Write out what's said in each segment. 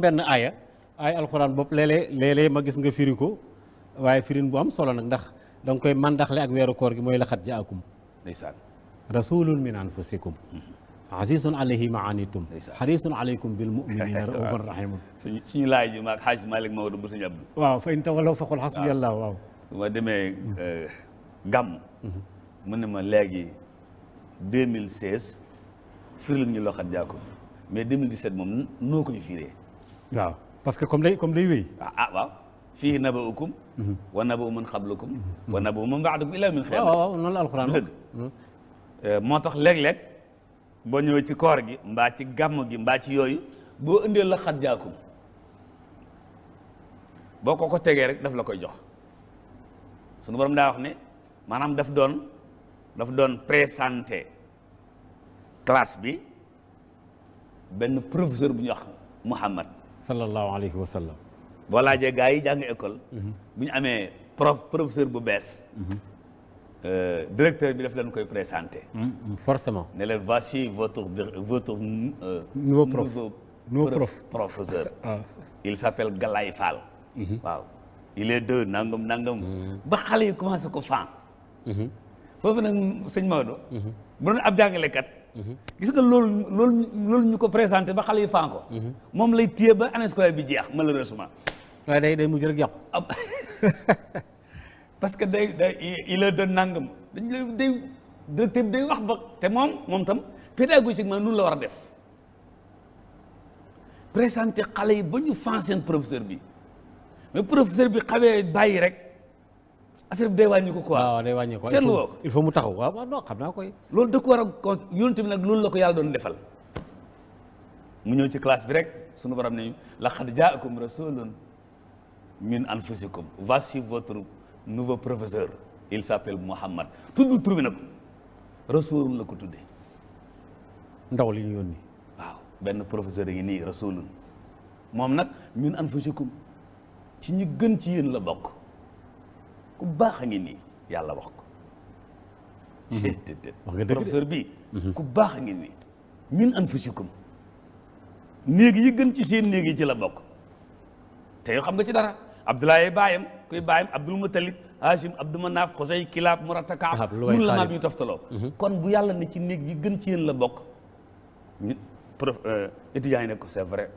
benn aaya ay alxuraan bopp léeg ma gis nga firi ko waaye firin bu am solo nag ndax da nga koy mandaxle ak weeru koor gi mooy laxat jaakum ndeysaan rasulun min anfusikum mm-hmm. azizun alayhi ma anitum xarisun alaykum bil muminina raufan rahimun suñu laaj ji maag xaaj Malick Maodo bu suñu abdu waaw fa in tawalaw faqul xasbiyallah waaw ma demee mm-hmm. euh, gàmm mm-hmm. mu ne ma léegi 2016 firil ñu laxat jaakum mais moom noo koy firee waaw parce que comme day comme day wéy. ah, ah waaw fii naba'ukum. wa naba'u man qablakum. wa naba'u man ba'dakum ilaa min xiyam. waaw waaw noonu la alxuraan dëgg eh, moo tax léeg-léeg boo ñëwee ci koor gi mbaa ci gàmm gi mbaa ci yooyu boo indee la xat jaakum boo ko ko tegee rek daf la koy jox sunu borom daa wax ne maanaam daf doon daf doon présenté classe bi benn professeur bu ñuy wax Muhammad sallallahu alayhi wa sallam. boo laajee gars yi jàng école. Mhm. bu ñu amee prof professeur bu bees. Mhm. Euh, directeur bi daf leen koy présenté. Mhm, forcément. ne leen voici votre votre. Euh, nouveau prof nouveau prof professeur. Ah. il s'appelle Galaye Fall. waaw il est deux nangam nangam. ba xale yi commencé ko fan. foofu nag sëñ Maodo. Mhm. bu doon ab jàngalekat. Mhm. gis nga loolu loolu loolu ñu ko présenté ba xale yi faan mhm. moom lay téye ba année scolaire bi jeex malheureusement. waaye day day mujj rek yàqu. parce que day day il a doon dañ lay day directeur bi day wax ba te moom moom tam pédagogiquement noonu la war a def présenté xale yi ba ñu fan seen professeur bi mais professeur bi xawee bàyyi rek. affaire bi day wàññi ko quoi. waaw day wàññi ko seetlu woo il faut mu taxaw waaw waaw non xam naa koy. loolu da ko war a con yoon tamit nag la ko yàlla doon defal mu ñëw ci classe bi rek sunu borom ne laqad jaakum rasulun min anfusikum voici votre nouveau professeur il s'appelle Muhammad tudd tur bi nag rasulun la ko tuddee. ndaw li ñu yónni. waaw benn professeur yi nii rasulun moom nag min anfusikum ci ñi gën ci yéen la bokk. ku baax a nii yàlla wax ko. Mhm. wax nga dëgg professeur bii. Mhm. ku baax a ngi nii. min anfusikum néeg yi gën ci seen néeg yi ci la bokk. te yoo xam nga ci dara Abdoulaye baayam kuy baayam Abdul Mutalib Hashim Abdou Manaf Xosey Kilaab Murata Kaab. mun la maam yu toftaloo. Mhm. kon bu yàlla ni ci néeg yi gën ci yéen la bokk. ñu prof euh, étudiants yi ne ko c'est vrai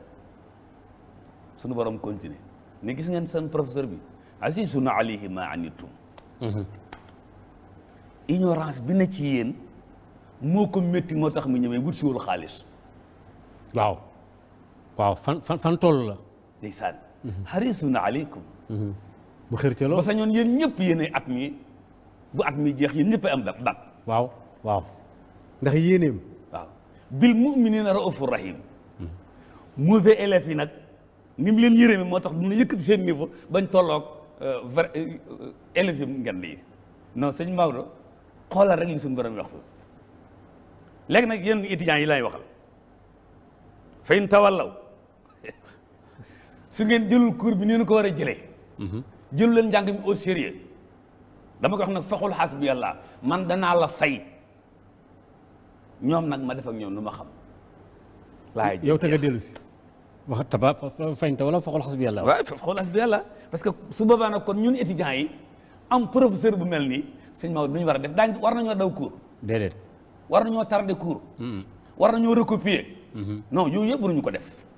sunu borom continuer ne gis ngeen seen professeur bi. عزيزنا عليه ما عنيتم إنورانس بنتيين موكم متي متخ من يوم يقول سول خالص واو واو فن فن فن تول ديسان حريصنا عليكم بخير تلو بس أنا ين يب يني أتمي بو أتمي جيخ ين يب أم باب واو واو ده ينيم واو بالمؤمنين رؤوف الرحيم موفي إلى فينا نملي نيرمي متخ من يكتشف نيفو بنتولك Euh, vrai euh, euh, élèves yi ngeen lii non sëñ Maodo xoolal rek li suñu borom wax foofu léegi nag yéen étudiants yi laay waxal fa in tawallaw su ngeen jëlul cours bi ni ko war a jëlee. Mhm. jëlu leen njàng mi au sérieux dama ko wax nag faxul xas bi man danaa la fay ñoom nag ma def ak ñoom lu ma xam. laay yow te nga waxta ba faynta wala faqul xasbi yàlla waaw faqul xasbi yàlla parce que su boobaa nag kon ñun étudiants yi am professeur bu mel nii sëñ Maodo duñu war a def daañ war nañoo daw cours déedéet war nañoo tardé cours war nañoo recopier mm-hmm. non yooyu yëpp waruñu ko def